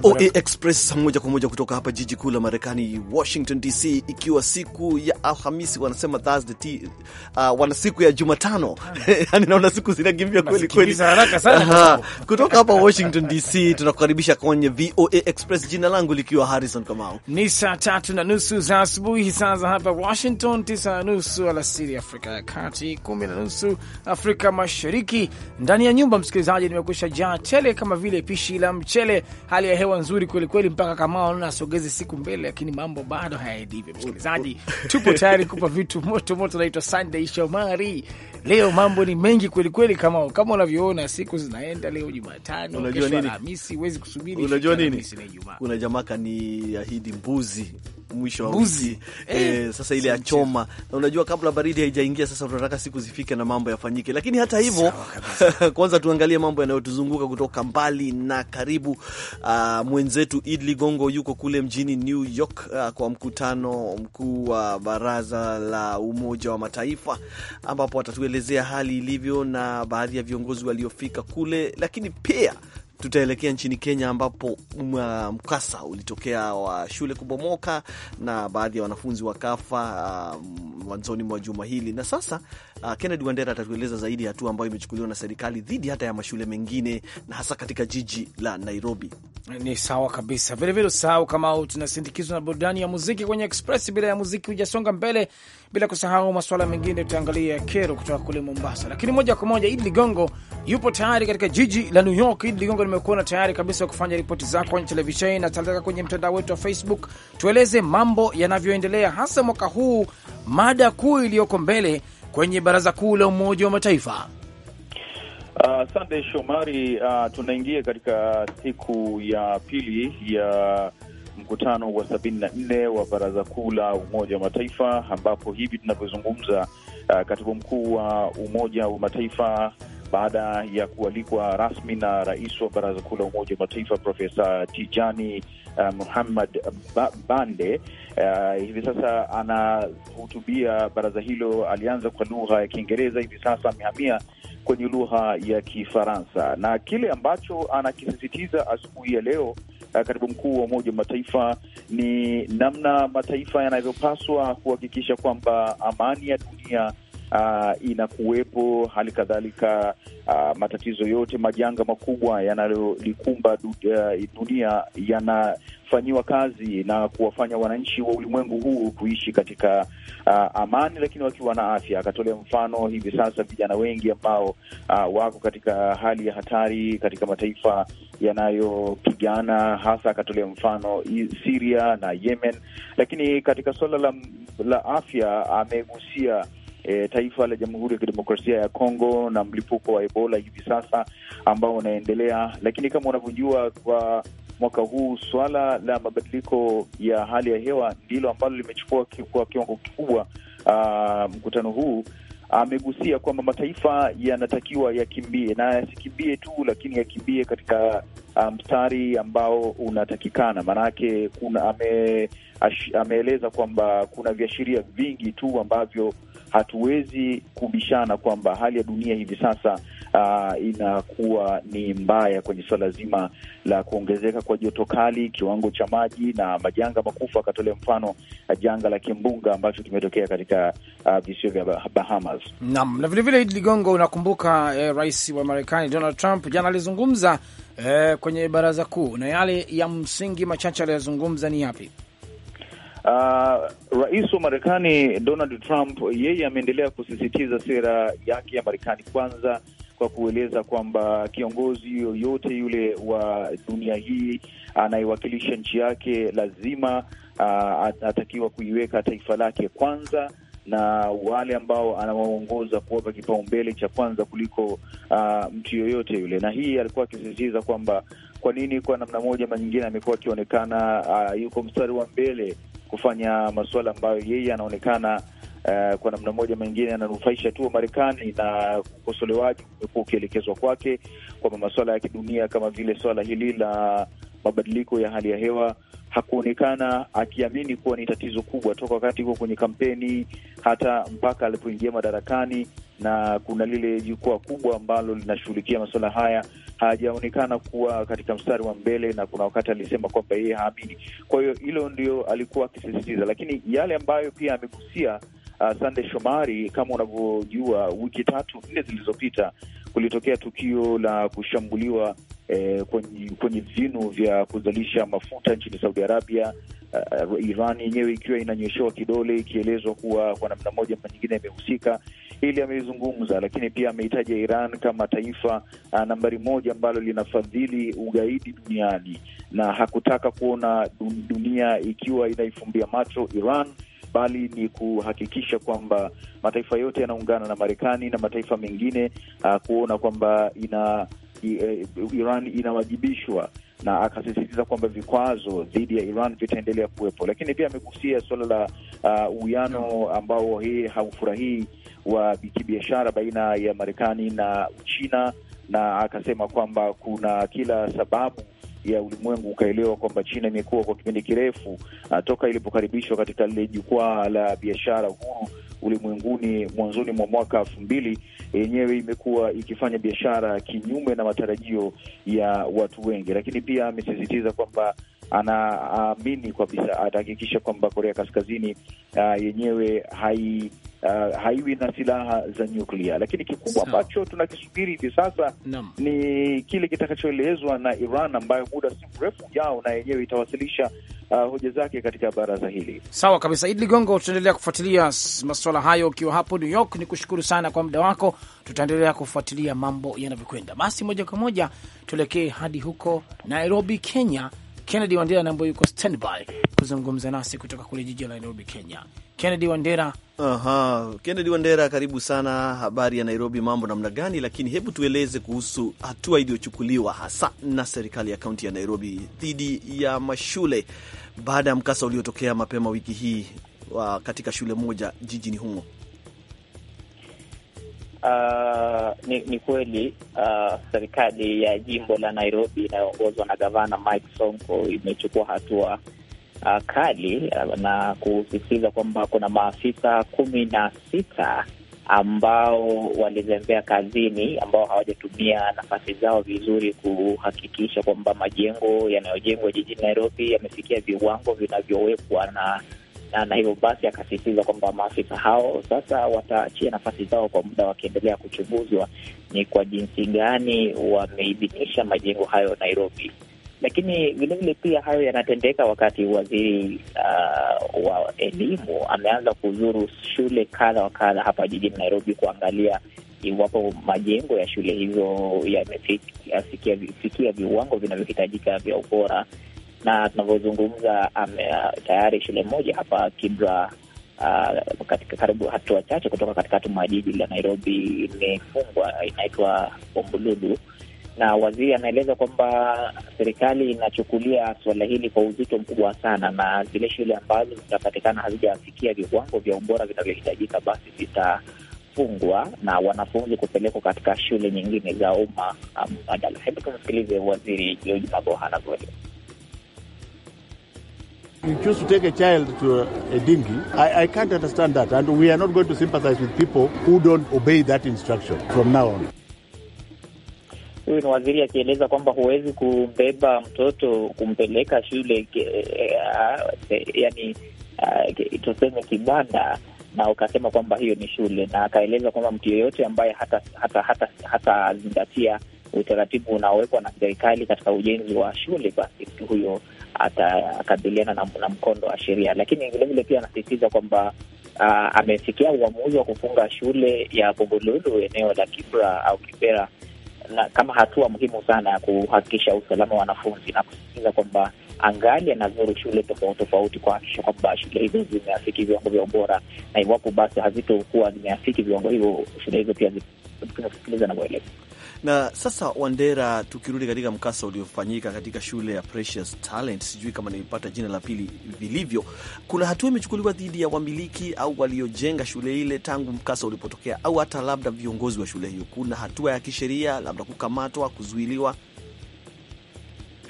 VOA Express moja kwa moja kutoka hapa jiji kuu la Marekani, Washington DC, ikiwa siku ya Alhamisi wanasema Thursday t uh, wana siku ya Jumatano yani naona siku zinakimbia kweli kweli haraka sana. Kutoka hapa Washington DC tunakukaribisha kwenye VOA Express, jina langu likiwa Harrison Kamau. Ni saa tatu na nusu za asubuhi saa za hapa Washington, tisa na nusu alasiri Afrika ya Kati, kumi na nusu Afrika Mashariki. Ndani ya nyumba, msikilizaji, nimekusha jaa tele kama vile pishi la mchele. hali ya hewa nzuri kweli kweli, mpaka kama anaona asogeze siku mbele, lakini mambo bado hayaendi hivyo. Msikilizaji, tupo tayari kupa vitu moto moto. Naitwa Sunday Shomari. Leo mambo ni mengi kweli kweli, kama kama unavyoona siku zinaenda. Leo Jumatano, kesho Alhamisi, huwezi kusubiri. Unajua nini, kuna jamaa kaniahidi mbuzi mwisho wa wiki eh, e, sasa ile ya choma, na unajua kabla baridi haijaingia, sasa tunataka siku zifike na mambo yafanyike, lakini hata hivyo kwanza tuangalie mambo yanayotuzunguka kutoka mbali na karibu. Uh, mwenzetu Id Ligongo yuko kule mjini New York uh, kwa mkutano mkuu wa uh, baraza la Umoja wa Mataifa ambapo atatuelezea hali ilivyo na baadhi ya viongozi waliofika kule, lakini pia tutaelekea nchini Kenya ambapo mkasa ulitokea wa shule kubomoka na baadhi ya wanafunzi wakafa um, mwanzoni um, mwa juma hili. Na sasa uh, Kennedy Wandera atatueleza zaidi hatua ambayo imechukuliwa na serikali dhidi hata ya mashule mengine na hasa katika jiji la Nairobi. Ni sawa kabisa. Vilevile usahau kama tunasindikizwa na burudani ya muziki kwenye Express. Bila ya muziki hujasonga mbele bila kusahau masuala mengine tutaangalia kero kutoka kule Mombasa. Lakini moja kwa moja, Idi Ligongo yupo tayari katika jiji la New York. Idi Ligongo, nimekuona tayari kabisa kufanya ripoti zako kwenye televisheni na taleka kwenye mtandao wetu wa Facebook. Tueleze mambo yanavyoendelea, hasa mwaka huu, mada kuu iliyoko mbele kwenye baraza kuu la Umoja wa Mataifa. Asante uh, Shomari. Uh, tunaingia katika siku ya pili ya mkutano wa sabini na nne wa Baraza Kuu la Umoja wa Mataifa, ambapo hivi tunavyozungumza, uh, katibu mkuu wa Umoja wa Mataifa baada ya kualikwa rasmi na rais wa Baraza Kuu la Umoja wa Mataifa Profesa Tijani uh, Muhammad ba Bande uh, hivi sasa anahutubia baraza hilo. Alianza kwa lugha ya Kiingereza, hivi sasa amehamia kwenye lugha ya Kifaransa, na kile ambacho anakisisitiza asubuhi ya leo Eh, katibu mkuu wa Umoja wa Mataifa ni namna mataifa yanavyopaswa kuhakikisha kwamba amani ya dunia uh, inakuwepo. Hali kadhalika uh, matatizo yote, majanga makubwa yanayolikumba eh, dunia yanafanyiwa kazi na kuwafanya wananchi wa ulimwengu huu kuishi katika uh, amani, lakini wakiwa na afya. Akatolea mfano hivi sasa vijana wengi ambao uh, wako katika hali ya hatari katika mataifa yanayopigana hasa, akatolea mfano Syria na Yemen, lakini katika suala la, la afya amegusia e, taifa la Jamhuri ya Kidemokrasia ya Kongo na mlipuko wa Ebola hivi sasa ambao unaendelea, lakini kama unavyojua kwa mwaka huu suala la mabadiliko ya hali ya hewa ndilo ambalo limechukua kwa kiwango kikubwa mkutano huu amegusia kwamba mataifa yanatakiwa yakimbie na yasikimbie tu, lakini yakimbie katika mstari um, ambao unatakikana. Maanake kuna ameeleza ame kwamba kuna viashiria vingi tu ambavyo hatuwezi kubishana kwamba hali ya dunia hivi sasa uh, inakuwa ni mbaya kwenye suala zima la kuongezeka kwa joto kali, kiwango cha maji na majanga makufa. Akatolea mfano uh, janga la kimbunga ambacho kimetokea katika uh, visio vya Bahamas. Naam, na vilevile Idi Ligongo, unakumbuka eh, rais wa Marekani Donald Trump jana alizungumza eh, kwenye baraza kuu, na yale ya msingi machache aliyozungumza ni yapi? Uh, rais wa Marekani Donald Trump yeye ameendelea kusisitiza sera yake ya Marekani kwanza kwa kueleza kwamba kiongozi yoyote yule wa dunia hii anayewakilisha nchi yake lazima uh, atakiwa kuiweka taifa lake kwanza na wale ambao anawaongoza kuwapa kipaumbele cha kwanza kuliko uh, mtu yoyote yule. Na hii alikuwa akisisitiza kwamba kwa nini kwa namna moja ama nyingine amekuwa akionekana uh, yuko mstari wa mbele kufanya masuala ambayo yeye anaonekana Uh, kwa namna moja mengine ananufaisha tu Marekani na ukosolewaji umekuwa ukielekezwa kwake kwamba masuala ya kidunia kama vile swala hili la mabadiliko ya hali ya hewa hakuonekana akiamini kuwa ni tatizo kubwa toka wakati huo kwenye kampeni hata mpaka alipoingia madarakani na kuna lile jukwaa kubwa ambalo linashughulikia masuala haya hajaonekana kuwa katika mstari wa mbele, na kuna wakati alisema kwamba yeye haamini. Kwa hiyo hilo ndio alikuwa akisisitiza, lakini yale ambayo pia amegusia Uh, Sande Shomari, kama unavyojua, wiki tatu nne zilizopita kulitokea tukio la kushambuliwa eh, kwenye, kwenye vinu vya kuzalisha mafuta nchini Saudi Arabia. Uh, uh Iran yenyewe ikiwa inanyoshewa kidole ikielezwa kuwa kwa namna moja ama nyingine imehusika hili amezungumza lakini pia amehitaja Iran kama taifa uh, nambari moja ambalo linafadhili ugaidi duniani na hakutaka kuona dunia ikiwa inaifumbia macho Iran bali ni kuhakikisha kwamba mataifa yote yanaungana na Marekani na mataifa mengine uh, kuona kwamba ina eh, Iran inawajibishwa na akasisitiza kwamba vikwazo dhidi ya Iran vitaendelea kuwepo, lakini pia amegusia suala la uh, uwiano uh, ambao hii haufurahii wa kibiashara baina ya Marekani na Uchina na akasema kwamba kuna kila sababu ya ulimwengu ukaelewa kwamba China imekuwa kwa kipindi kirefu ah, toka ilipokaribishwa katika lile jukwaa la biashara huru ulimwenguni mwanzoni mwa mwaka elfu mbili, yenyewe imekuwa ikifanya biashara kinyume na matarajio ya watu wengi, lakini pia amesisitiza kwamba anaamini kabisa atahakikisha kwamba Korea Kaskazini uh, yenyewe hai uh, haiwi na silaha za nyuklia. Lakini kikubwa ambacho tunakisubiri hivi sasa no. ni kile kitakachoelezwa na Iran ambayo muda si mrefu ujao na yenyewe itawasilisha uh, hoja zake katika baraza hili. Sawa kabisa, Idi Ligongo, tutaendelea kufuatilia masuala hayo ukiwa hapo New York. Ni kushukuru sana kwa muda wako, tutaendelea kufuatilia mambo yanavyokwenda. Basi moja kwa moja tuelekee hadi huko Nairobi, Kenya Kennedy Wandera ambaye yuko standby kuzungumza nasi kutoka kule jiji la Nairobi, Kenya. Kennedy Wandera. Aha, Kennedy Wandera, karibu sana. Habari ya Nairobi, mambo namna gani? Lakini hebu tueleze kuhusu hatua iliyochukuliwa hasa na serikali ya kaunti ya Nairobi dhidi ya mashule baada ya mkasa uliotokea mapema wiki hii uh, katika shule moja jijini humo. Uh, ni, ni kweli uh, serikali ya jimbo la Nairobi inayoongozwa na gavana Mike Sonko imechukua hatua uh, kali uh, na kusisitiza kwamba kuna maafisa kumi na sita ambao walizembea kazini, ambao hawajatumia nafasi zao vizuri kuhakikisha kwamba majengo yanayojengwa jijini Nairobi yamefikia viwango vinavyowekwa na na, na hivyo basi akasisitiza kwamba maafisa hao sasa wataachia nafasi zao kwa muda wakiendelea kuchunguzwa ni kwa jinsi gani wameidhinisha majengo hayo Nairobi. Lakini vilevile pia hayo yanatendeka wakati waziri uh, wa elimu ameanza kuzuru shule kadha wa kadha hapa jijini Nairobi kuangalia iwapo majengo ya shule hizo yamefikia viwango vinavyohitajika vya ubora na tunavyozungumza tayari shule moja hapa Kibra uh, ah, katika karibu hatua chache kutoka katikati mwa jiji la Nairobi imefungwa, inaitwa Ombuludu, na waziri anaeleza kwamba serikali inachukulia suala hili kwa uzito mkubwa sana, na zile shule ambazo zitapatikana hazijafikia viwango vya ubora vinavyohitajika basi zitafungwa na wanafunzi kupelekwa katika shule nyingine za umma badala. Hebu tumsikilize waziri George Magoha anavyoeleza. You choose to take a child to a a dinghy. I, I can't understand that. And we are not going to sympathize with people who don't obey that instruction from now on. Huyu ni waziri akieleza kwamba huwezi kubeba mtoto kumpeleka shule, eh, eh, yani eh, tuseme kibanda, na ukasema kwamba hiyo ni shule, na akaeleza kwamba mtu yeyote ambaye hatazingatia hata, hata, hata utaratibu unaowekwa na serikali katika ujenzi wa shule, basi mtu huyo atakabiliana na, na mkondo wa sheria, lakini vilevile pia anasisitiza kwamba uh, amefikia uamuzi wa kufunga shule ya Bugululu eneo la Kibra au Kibera na kama hatua muhimu sana ya kuhakikisha usalama wa wanafunzi na kusisitiza kwamba angali anazuru shule tofauti tofauti kuhakikisha kwamba shule hizo zimeafiki viwango vya ubora, na iwapo basi hazitokuwa zimeafiki viwango hivyo, shule hizo pia zinasikiliza na kueleza. Na sasa Wandera, tukirudi katika mkasa uliofanyika katika shule ya Precious Talent, sijui kama nimepata jina la pili vilivyo, kuna hatua imechukuliwa dhidi ya wamiliki au waliojenga shule ile tangu mkasa ulipotokea, au hata labda viongozi wa shule hiyo? Kuna hatua ya kisheria, labda kukamatwa, kuzuiliwa?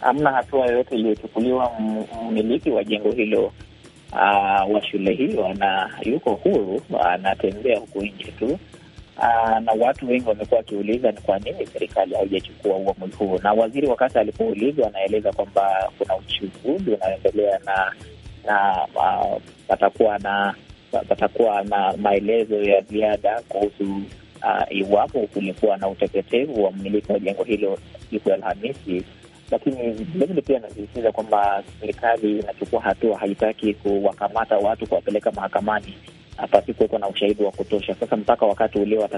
Hamna hatua yoyote iliyochukuliwa. Mmiliki wa jengo hilo Uh, wa shule hiyo na yuko huru, anatembea huku nje tu Aa, ah, na watu wengi wamekuwa wakiuliza ni kwa nini serikali haijachukua uamuzi huo, na waziri wakati alipoulizwa anaeleza kwamba kuna uchunguzi unaendelea na na ah, patakuwa na patakuwa na maelezo ya ziada kuhusu uh, iwapo kulikuwa na uteketevu wa mmiliki wa jengo hilo siku ya Alhamisi. Lakini vilevile pia anasisitiza kwamba serikali inachukua hatua, haitaki kuwakamata watu kuwapeleka mahakamani pasikuweko na ushahidi wa kutosha. Sasa mpaka wakati ule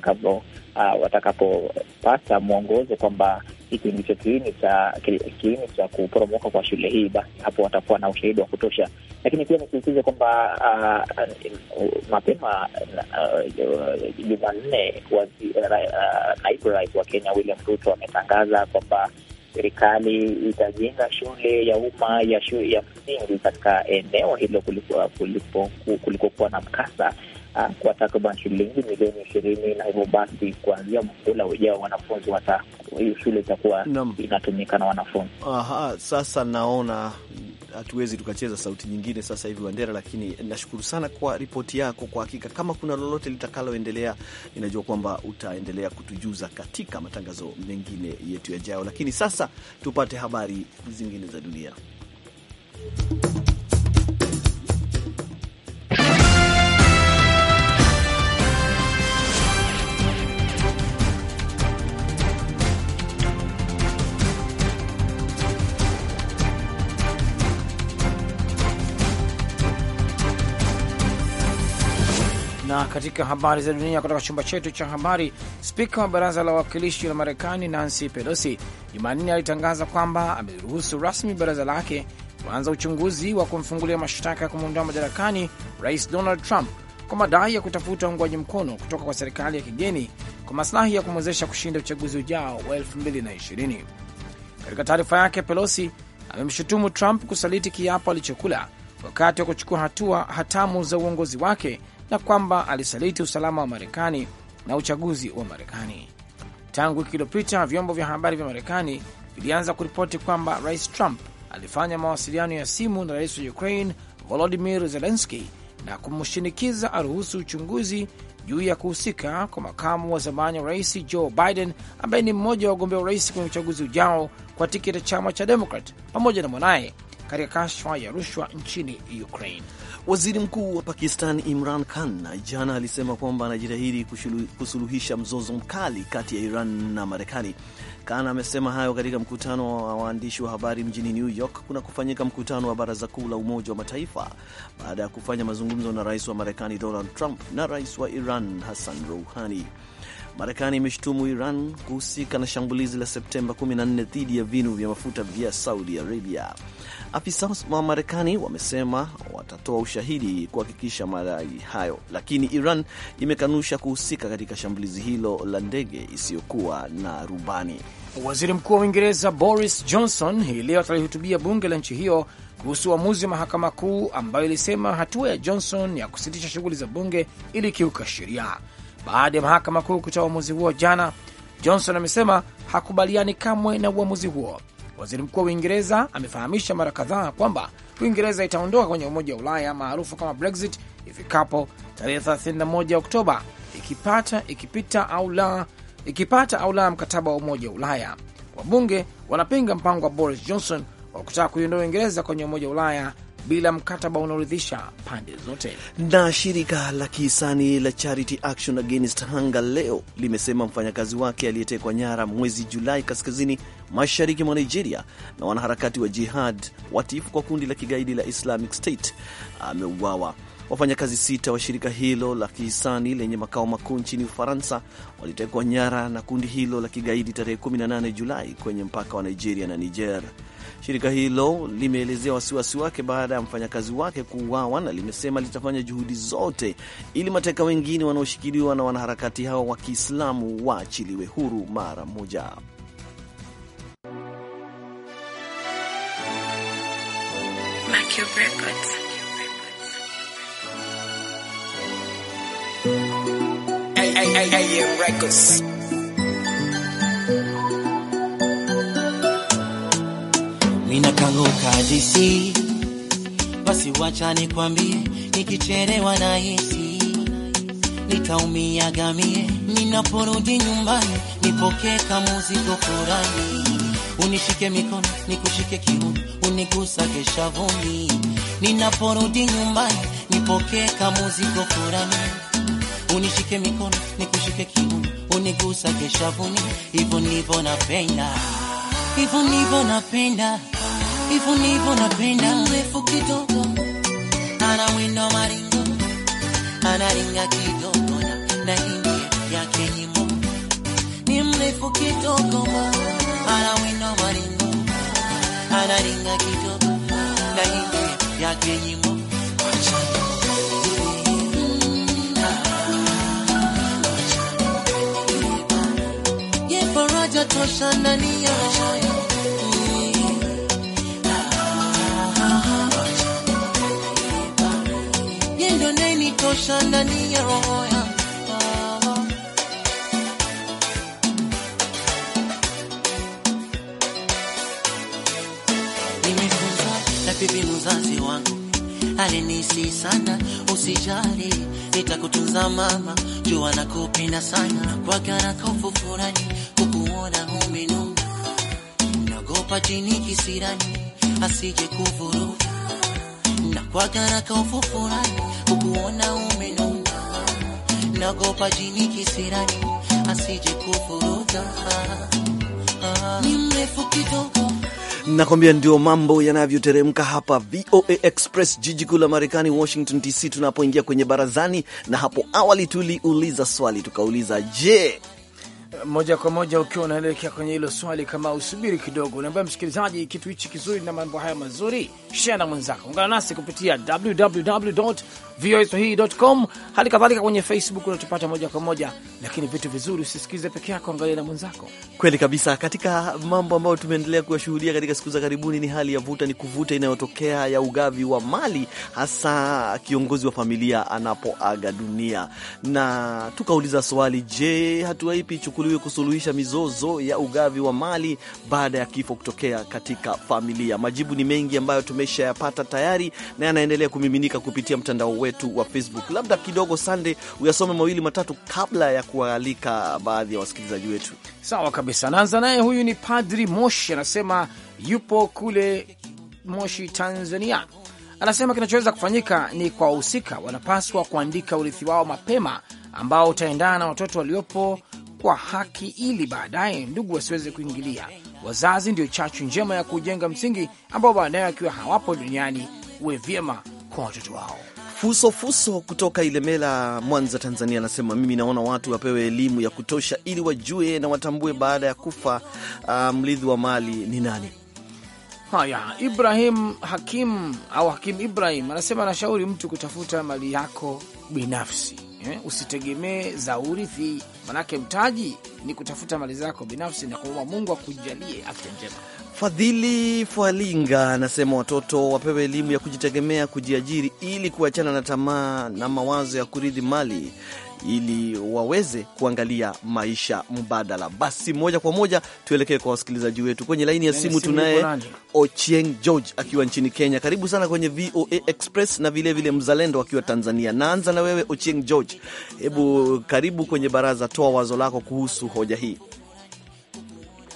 ah, watakapopata uh, mwongozo kwamba hiki ndicho kiini cha kiini cha kuporomoka kwa shule hii, basi hapo watakuwa na ushahidi wa kutosha. Lakini pia nisisitize kwamba uh, mapema ah, Jumanne uh, uh, naibu rais wa Kenya William Ruto ametangaza kwamba serikali itajenga shule ya umma ya shule ya msingi katika eneo hilo kulikokuwa na mkasa uh, kwa takriban shilingi milioni ishirini, na hivyo basi kuanzia muhula ujao wanafunzi wata hiyo shule itakuwa inatumika na wanafunzi. Aha, sasa naona hatuwezi tukacheza sauti nyingine sasa hivi Wandera, lakini nashukuru sana kwa ripoti yako. Kwa hakika kama kuna lolote litakaloendelea, inajua kwamba utaendelea kutujuza katika matangazo mengine yetu yajayo, lakini sasa tupate habari zingine za dunia. Katika habari za dunia kutoka chumba chetu cha habari, spika wa baraza la wawakilishi la Marekani Nancy Pelosi Jumanne alitangaza kwamba ameruhusu rasmi baraza lake kuanza uchunguzi wa kumfungulia mashtaka ya kumwondoa madarakani rais Donald Trump kwa madai ya kutafuta uungwaji mkono kutoka kwa serikali ya kigeni kwa masilahi ya kumwezesha kushinda uchaguzi ujao wa 2020. Katika taarifa yake, Pelosi amemshutumu Trump kusaliti kiapo alichokula wakati wa kuchukua hatua hatamu za uongozi wake na kwamba alisaliti usalama wa Marekani na uchaguzi wa Marekani. Tangu wiki iliyopita, vyombo vya habari vya Marekani vilianza kuripoti kwamba Rais Trump alifanya mawasiliano ya simu na rais wa Ukraine Volodimir Zelenski na kumshinikiza aruhusu uchunguzi juu ya kuhusika kwa makamu wa zamani wa rais Joe Biden ambaye ni mmoja wa wagombea urais kwenye uchaguzi ujao kwa tiketi ya chama cha Demokrat pamoja na mwanaye katika kashfa ya rushwa nchini Ukraine. Waziri Mkuu wa Pakistan Imran Khan jana alisema kwamba anajitahidi kusuluhisha mzozo mkali kati ya Iran na Marekani. Khan amesema hayo katika mkutano wa waandishi wa habari mjini New York kuna kufanyika mkutano wa Baraza Kuu la Umoja wa Mataifa baada ya kufanya mazungumzo na rais wa Marekani Donald Trump na rais wa Iran Hassan Rouhani. Marekani imeshutumu Iran kuhusika na shambulizi la Septemba 14 dhidi ya vinu vya mafuta vya Saudi Arabia. Afisa wa Marekani wamesema watatoa ushahidi kuhakikisha madai hayo, lakini Iran imekanusha kuhusika katika shambulizi hilo la ndege isiyokuwa na rubani. Waziri Mkuu wa Uingereza Boris Johnson hii leo atalihutubia bunge la nchi hiyo kuhusu uamuzi wa mahakama kuu ambayo ilisema hatua ya Johnson ya kusitisha shughuli za bunge ilikiuka sheria. Baada ya mahakama kuu kutoa uamuzi huo jana, Johnson amesema hakubaliani kamwe na uamuzi huo. Waziri mkuu wa Uingereza amefahamisha mara kadhaa kwamba Uingereza itaondoka kwenye Umoja wa Ulaya maarufu kama Brexit ifikapo tarehe 31 Oktoba, ikipata ikipita au la, ikipata au la mkataba wa Umoja wa Ulaya. Wabunge wanapinga mpango wa Boris Johnson wa kutaka kuiondoa Uingereza kwenye Umoja wa Ulaya bila mkataba unaoridhisha pande zote. Na shirika la kihisani la Charity Action Against Hunger leo limesema mfanyakazi wake aliyetekwa nyara mwezi Julai kaskazini mashariki mwa Nigeria na wanaharakati wa jihad watifu kwa kundi la kigaidi la Islamic State ameuawa. Wafanyakazi sita wa shirika hilo la kihisani lenye makao makuu nchini Ufaransa walitekwa nyara na kundi hilo la kigaidi tarehe 18 Julai kwenye mpaka wa Nigeria na Niger. Shirika hilo limeelezea wasiwasi wake baada ya mfanyakazi wake kuuawa na limesema litafanya juhudi zote ili mateka wengine wanaoshikiliwa na wanaharakati hao wa Kiislamu waachiliwe huru mara moja. Make your records. AM Records. DC, basi wacha nikwambie, nikichelewa na hisi nitaumia gamie. Ninaporudi nyumbani, nipokee kamuziko furahi, unishike mikono, nikushike kiuno, unikuse shavuni. Ninaporudi nyumbani, nipokee kamuziko furahi unishike mikono nikushike kiuno unigusa keshavuni, hivyo ndivyo napenda, hivyo ndivyo napenda, hivyo ndivyo napenda. Refu kidogo anawinda maringo, anaringa kidogo na hindia yake nyimo ni mrefu kidogo, anawinda maringo, anaringa kidogo na hindia yake nyimo haijatosha yendo nimefunza na pipi mzazi wangu alinisi sana, usijali nitakutunza mama, jua nakupenda sana, kwa kana kufufurani unaona umenuka, unagopa jini kisirani asije kuvuruga, na kwa garaka ufufurani ukuona umenuka, nagopa jini kisirani asije kuvuruga ni mrefu kidogo Nakwambia ndio mambo yanavyoteremka hapa VOA Express, jiji kuu la Marekani, Washington DC, tunapoingia kwenye barazani. Na hapo awali tuliuliza swali tukauliza, je, moja kwa moja ukiwa unaelekea kwenye hilo swali, kama usubiri kidogo, unaambia msikilizaji kitu hichi kizuri na mambo haya mazuri, share na mwenzako. Ungana nasi kupitia www.voaswahili.com, hali kadhalika kwenye Facebook unatupata moja kwa moja. Lakini vitu vizuri usisikize peke yako, angalia na mwenzako. Kweli kabisa. Katika mambo ambayo tumeendelea kuyashuhudia katika siku za karibuni ni hali ya vuta ni kuvuta inayotokea ya ugavi wa mali, hasa kiongozi wa familia anapoaga dunia, na tukauliza swali, je, hatua ipi chukua zichukuliwe kusuluhisha mizozo ya ugavi wa mali baada ya kifo kutokea katika familia. Majibu ni mengi ambayo tumeshayapata tayari na yanaendelea kumiminika kupitia mtandao wetu wa Facebook. Labda kidogo, Sande, uyasome mawili matatu kabla ya kuwaalika baadhi ya wasikilizaji wetu. Sawa kabisa, naanza naye. Huyu ni Padri Moshi, anasema yupo kule Moshi, Tanzania. Anasema kinachoweza kufanyika ni kwa wahusika, wanapaswa kuandika urithi wao mapema ambao utaendana na watoto waliopo kulipwa haki ili baadaye ndugu wasiweze kuingilia. Wazazi ndio chachu njema ya kujenga msingi ambao baadaye akiwa hawapo duniani uwe vyema kwa watoto wao. Fuso Fuso kutoka Ilemela, Mwanza, Tanzania, anasema mimi naona watu wapewe elimu ya kutosha ili wajue na watambue baada ya kufa uh, mrithi wa mali ni nani. Haya, Ibrahim Hakim au Hakim Ibrahim anasema anashauri mtu kutafuta mali yako binafsi eh, usitegemee za urithi, manake mtaji ni kutafuta mali zako binafsi na kuomba Mungu akujalie afya njema. Fadhili Fwalinga anasema watoto wapewe elimu ya kujitegemea, kujiajiri, ili kuachana na tamaa na mawazo ya kuridhi mali ili waweze kuangalia maisha mbadala. Basi moja kwa moja tuelekee kwa wasikilizaji wetu kwenye laini ya simu. Tunaye Ochieng George akiwa nchini Kenya. Karibu sana kwenye VOA Express na vilevile vile Mzalendo akiwa Tanzania. Naanza na wewe Ochieng George, hebu karibu kwenye baraza, toa wazo lako kuhusu hoja hii.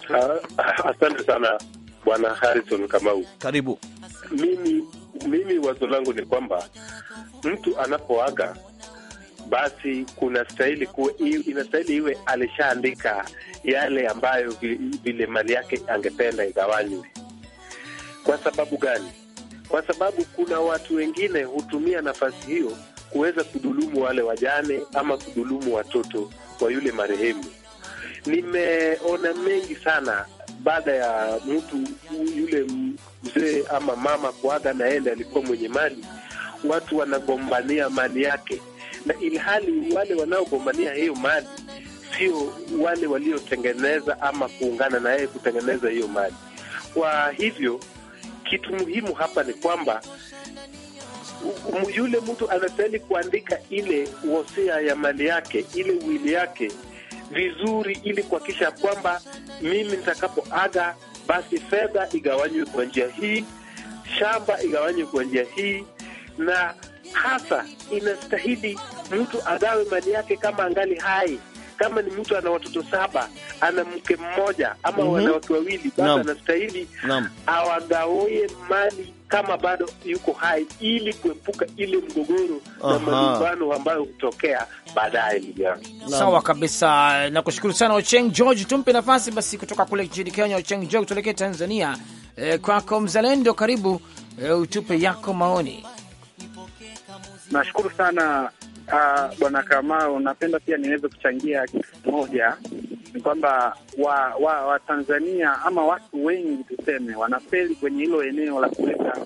Ah, asante sana Bwana Harrison Kamau, karibu. Mimi, mimi wazo langu ni kwamba mtu anapoaga basi kuna stahili ku, inastahili iwe alishaandika yale ambayo vile mali yake angependa igawanywe. Kwa sababu gani? Kwa sababu kuna watu wengine hutumia nafasi hiyo kuweza kudhulumu wale wajane ama kudhulumu watoto wa yule marehemu. Nimeona mengi sana baada ya mtu yule mzee ama mama kuaga, naende alikuwa mwenye mali, watu wanagombania mali yake na ilhali wale wanaogombania hiyo mali sio wale waliotengeneza ama kuungana na yeye kutengeneza hiyo mali. Kwa hivyo kitu muhimu hapa ni kwamba yule mtu anastahili kuandika ile wosia ya mali yake, ile wili yake vizuri, ili kuhakikisha kwamba mimi nitakapoaga, basi fedha igawanywe kwa njia hii, shamba igawanywe kwa njia hii, na hasa inastahili mtu agawe mali yake kama angali hai. Kama ni mtu ana watoto saba, ana mke mmoja ama mm -hmm. wanawake wawili, basi anastahili awagawie mali kama bado yuko hai, ili kuepuka ile mgogoro na malumbano ambayo hutokea baadaye. Sawa kabisa, nakushukuru sana Ocheng George. Tumpe nafasi basi kutoka kule nchini Kenya. Ocheng George, tuelekee Tanzania. E, kwako mzalendo, karibu e, utupe yako maoni. Nashukuru sana ah, bwana kamao Kamau. Napenda pia niweze kuchangia kitu kimoja, ni kwamba Watanzania wa, wa ama watu wengi tuseme, wanafeli kwenye hilo eneo la kuweka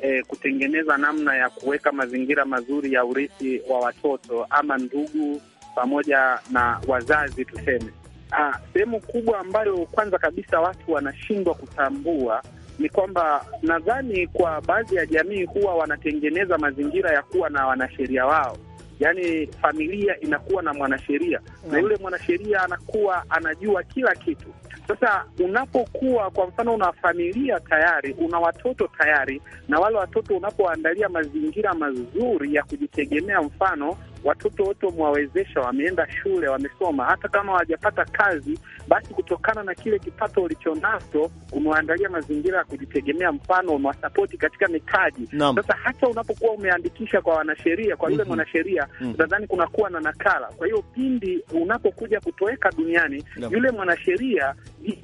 eh, kutengeneza namna ya kuweka mazingira mazuri ya urithi wa watoto ama ndugu pamoja na wazazi tuseme. Ah, sehemu kubwa ambayo kwanza kabisa watu wanashindwa kutambua ni kwamba nadhani kwa baadhi ya jamii huwa wanatengeneza mazingira ya kuwa na wanasheria wao, yaani familia inakuwa na mwanasheria na yule mwanasheria anakuwa anajua kila kitu. Sasa unapokuwa kwa mfano una familia tayari, una watoto tayari, na wale watoto unapoandalia mazingira mazuri ya kujitegemea, mfano watoto wote wamewawezesha, wameenda shule, wamesoma. Hata kama hawajapata kazi, basi kutokana na kile kipato ulichonacho umewaandalia mazingira ya kujitegemea, mfano umewasapoti katika mitaji. Sasa hata unapokuwa umeandikisha kwa wanasheria, kwa yule mhm. mwanasheria mm -hmm. nadhani kunakuwa na nakala. Kwa hiyo pindi unapokuja kutoweka duniani Naam. yule mwanasheria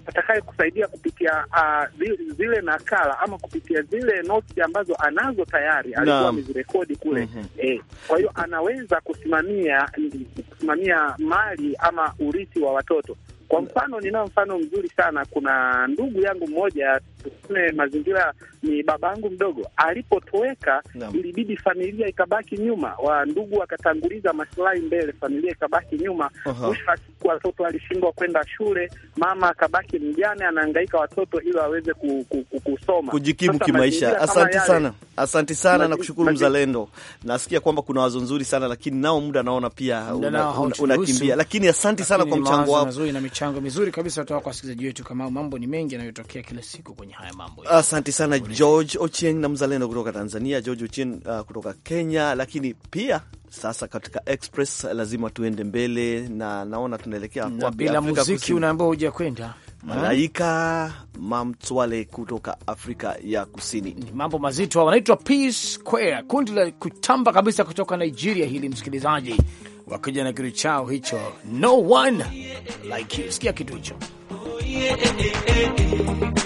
atakaye kusaidia kupitia uh, zile nakala ama kupitia zile noti ambazo anazo tayari alikuwa amezirekodi kule mm -hmm. eh, kwa hiyo anaweza kusimamia kusimamia mali ama urithi wa watoto. Kwa mfano, ninao mfano mzuri sana. Kuna ndugu yangu mmoja tuseme mazingira ni baba yangu mdogo alipotoweka, ilibidi familia ikabaki nyuma, wa ndugu wakatanguliza masilahi mbele, familia ikabaki nyuma. Mwisho wa siku watoto alishindwa kwenda shule, mama akabaki mjane, anahangaika watoto ili aweze ku, ku, ku, kusoma kujikimu kimaisha. Asante sana, asante sana na kushukuru mzalendo. Nasikia kwamba kuna wazo nzuri sana lakini nao muda naona pia unakimbia una, lakini asante sana kwa mchango wako na michango mizuri kabisa kutoka kwa wasikilizaji wetu. Kama mambo ni mengi yanayotokea kila siku kwenye haya mambo. Asante sana George Ochieng na mzalendo kutoka Tanzania, George Ochieng uh, kutoka Kenya. Lakini pia sasa katika Express lazima tuende mbele, na naona tunaelekea na bila Afrika muziki, unaambao huja kwenda Malaika Mamtswale kutoka Afrika ya Kusini. Ni mambo mazito, wanaitwa Peace Square, kundi la kutamba kabisa kutoka Nigeria hili msikilizaji, wakija na kitu chao hicho, no one like you. Sikia kitu hicho. oh, yeah, yeah, yeah.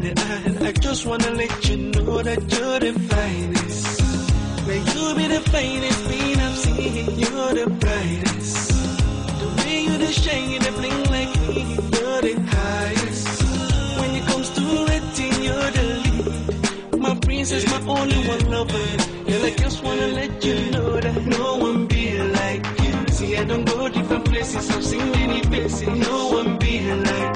kinda I just wanna let you know that you're the finest. May you be the finest thing I've seen. You're the brightest. The way you the shine, you the bling like me. You're the highest. When it comes to acting, you're the lead. My princess, my only one lover. Girl, I just wanna let you know that no one be like you. See, I don't go different places. I've seen many faces. No one be like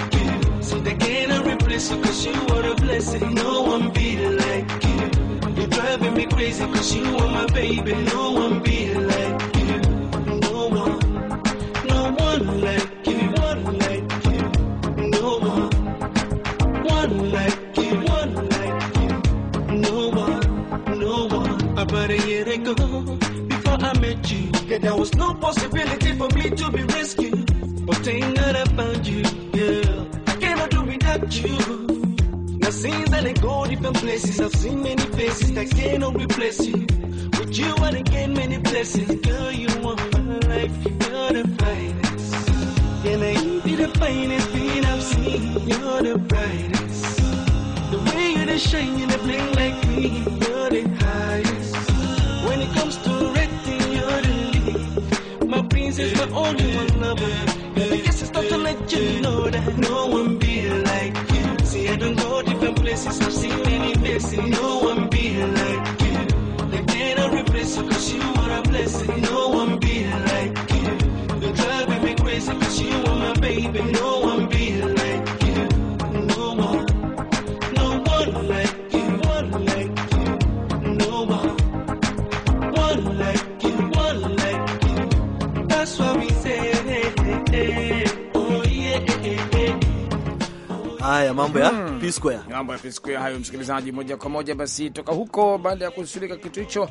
special cause you are a blessing. No one be like you. You're driving me crazy cause you are my baby. No one be like you. No one, no one like you. One like you. No one, one like you. One like you. No one, no one. About a year ago, before I met you, yeah, there was no possibility for me to be rescued. But ain't that I found you, yeah. I cannot do without you go different places. I've seen many faces that cannot replace you. But you, wanna gain, many blessings. Girl, you want my life, you're the finest. And I ain't be the finest thing I've seen. You're the brightest. The way you're the shine, you're the bling like me. You're the highest. When it comes to acting, you're the lead. My princess, the only one lover. And I guess it's time to let you know that. No see. haya mambo ya hmm. P Square, mambo ya P Square hayo, msikilizaji. Moja kwa moja basi toka huko, baada ya kusulika kitu hicho,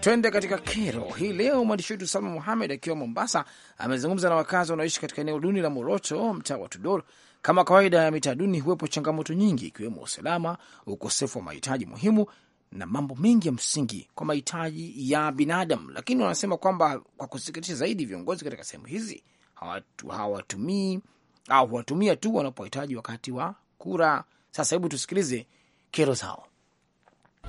twende katika kero hii leo. Mwandishi wetu Salma Muhamed akiwa Mombasa amezungumza na wakazi wanaoishi katika eneo duni la Moroto, mtaa wa Tudor. Kama kawaida ya mitaa duni, huwepo changamoto nyingi, ikiwemo usalama, ukosefu wa mahitaji muhimu na mambo mengi ya msingi kwa mahitaji ya binadamu. Lakini wanasema kwamba kwa kusikitisha zaidi, viongozi katika sehemu hizi hawatumii au huwatumia tu wanapohitaji wakati wa kura. Sasa hebu tusikilize kero zao.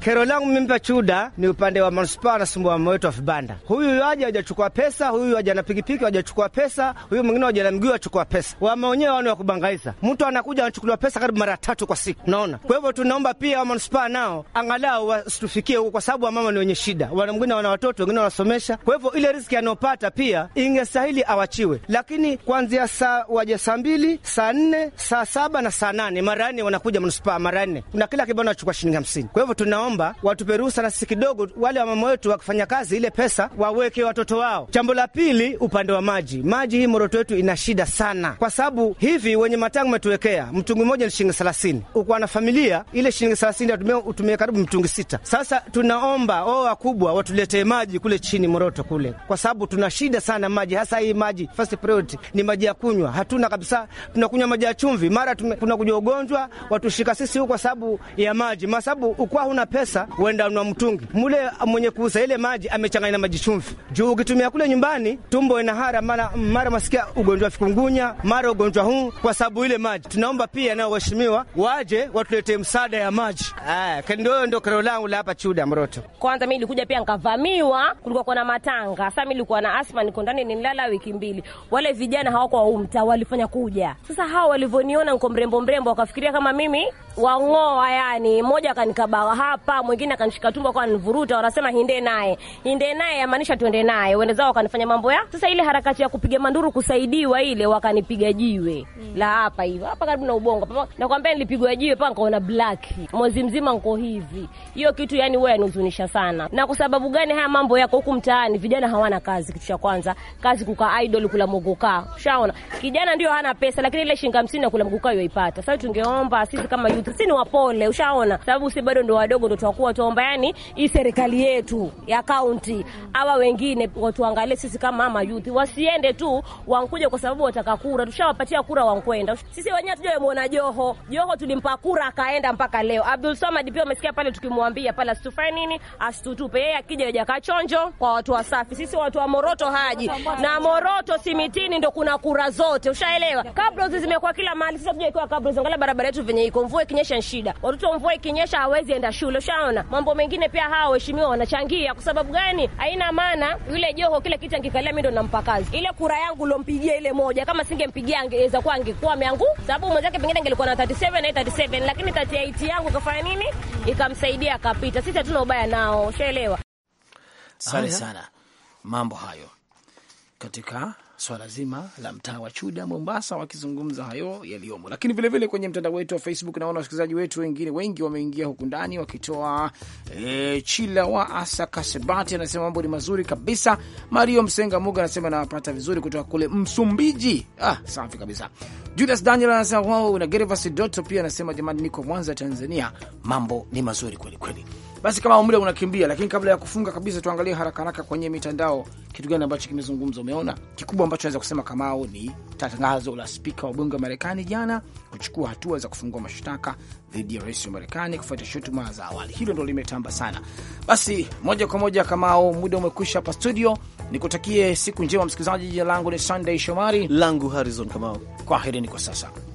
Kero langu mimpa chuda ni upande wa manispaa na Sumbawanga wetu wa vibanda. Huyu waja hajachukua pesa, huyu waja na pikipiki hajachukua pesa, huyu mwingine waja na miguu hajachukua pesa. Wameonyewe wani wa kubangaiza, mtu anakuja anachukuliwa pesa karibu mara tatu kwa siku, naona. Kwa hivyo tunaomba pia wa manispaa nao angalau wasitufikie huko, kwa sababu wamama ni wenye shida, wengine wana watoto, wengine wanasomesha. Kwa hivyo ile riski anayopata pia ingestahili awachiwe, lakini kuanzia saa waje saa mbili, saa nne, saa saba na saa nane mara nne wanakuja manispaa mara nne, kuna kila kibanda achukua shilingi hamsini. Kwa hivyo tuna tunaomba watupe ruhusa na sisi kidogo, wale wamama wetu wakifanya kazi, ile pesa waweke watoto wao. Jambo la pili, upande wa maji, maji hii Moroto wetu ina shida sana, kwa sababu hivi wenye matangi umetuwekea mtungi mmoja ni shilingi thelathini, ukuwa na familia ile shilingi thelathini utumie karibu mtungi sita. Sasa tunaomba oo wakubwa watuletee maji kule chini Moroto kule, kwa sababu tuna shida sana maji, hasa hii maji first priority ni maji ya kunywa, hatuna kabisa. Tunakunywa maji ya chumvi, mara kuna ugonjwa watushika sisi huko kwa sababu ya maji, masabu ukwa huna pesa uenda unua mtungi mule, uh, mwenye kuuza ile maji amechanganya na maji chumvi, juu ukitumia kule nyumbani tumbo ina hara mara, mara masikia ugonjwa fikungunya mara ugonjwa huu kwa sababu ile maji. Tunaomba pia nao waheshimiwa waje watuletee msaada ya maji. Ndio ndo kero langu la hapa Chuda Mroto. Kwanza mimi nilikuja pia nikavamiwa, kulikuwa kuna matanga. Sasa mimi nilikuwa na asma, niko ndani nilala wiki mbili. Wale vijana hawako wa umta walifanya kuja. Sasa hao walivyoniona niko mrembo mrembo wakafikiria kama mimi wang'oa yani, mmoja akanikabawa hapa paa, mwingine akanishika tumbo kwa nivuruta, wanasema hinde naye, hinde naye yamaanisha tuende naye, wende zao wakanifanya mambo ya sasa. Ile harakati ya kupiga manduru kusaidiwa ile, wakanipiga jiwe mm. la hapa hivi hapa karibu na ubongo, nakwambia nilipigwa jiwe mpaka nikaona black, mwezi mzima nko hivi. Hiyo kitu yani wewe yanihuzunisha sana. Na kwa sababu gani haya mambo yako huku mtaani? Vijana hawana kazi, kitu cha kwanza, kazi kukaa idol, kula mogoka, ushaona kijana ndio hana pesa, lakini ile shilingi 50 na kula mogoka yoipata. Sasa tungeomba sisi kama youth, sisi ni wapole, ushaona sababu sisi bado ndo wadogo ndio twakuwa twaomba, yani hii serikali yetu ya kaunti, hawa wengine watuangalie sisi kama ama youth, wasiende tu wankuje kwa sababu wataka kura. Tushawapatia kura wankwenda, sisi wenyewe hatujamwona Joho. Joho tulimpa kura akaenda mpaka leo. Abdul Samad pia umesikia pale, tukimwambia pale asitufanye nini, asitutupe yeye, akija hajaka chonjo kwa watu wasafi. Sisi watu wa Moroto haji na Moroto simitini ndo kuna kura zote, ushaelewa. Kablozi zimekuwa kila mahali, sasa tuja ikiwa kablozi, angalia barabara yetu venye iko, mvua ikinyesha nshida, watoto mvua ikinyesha hawezi enda shule ushaona mambo mengine pia hawa waheshimiwa wanachangia. Kwa sababu gani? Haina maana yule Joho kile kiti angikalia, mimi ndo nampa kazi ile kura yangu lompigia ile moja, kama singempigia angeweza kuwa angekuwa ameangu, sababu mwenzake pengine angelikuwa na 37 na 37, lakini 38 yangu ikafanya nini? Ikamsaidia akapita. Sisi hatuna ubaya nao, ushaelewa. Asante sana mambo hayo katika swala zima la mtaa wa Chuda Mombasa, wakizungumza hayo yaliyomo. Lakini vilevile kwenye mtandao wetu wa Facebook naona wasikilizaji wetu wengine wengi wameingia huku ndani wakitoa e, chila wa asa kasebati anasema mambo ni mazuri kabisa. Mario Msenga Muga anasema anawapata vizuri kutoka kule Msumbiji. Ah, safi kabisa. Julius Daniel anasema wao na Gervas Doto pia anasema jamani, niko Mwanza Tanzania, mambo ni mazuri kwelikweli kweli. Basi kama muda unakimbia, lakini kabla ya kufunga kabisa, tuangalie haraka haraka kwenye mitandao, kitu gani ambacho kimezungumzwa. Umeona kikubwa ambacho naweza kusema Kamao ni tangazo la spika wa bunge wa Marekani jana kuchukua hatua za kufungua mashtaka dhidi ya rais wa Marekani kufuatia shutuma za awali. Hilo ndo limetamba sana. Basi moja kwa moja, Kamao, muda umekwisha hapa studio. Nikutakie siku njema, msikilizaji. Jina langu ni Sunday Shomari, langu Harizon Kamao. kwa heri ni kwa sasa.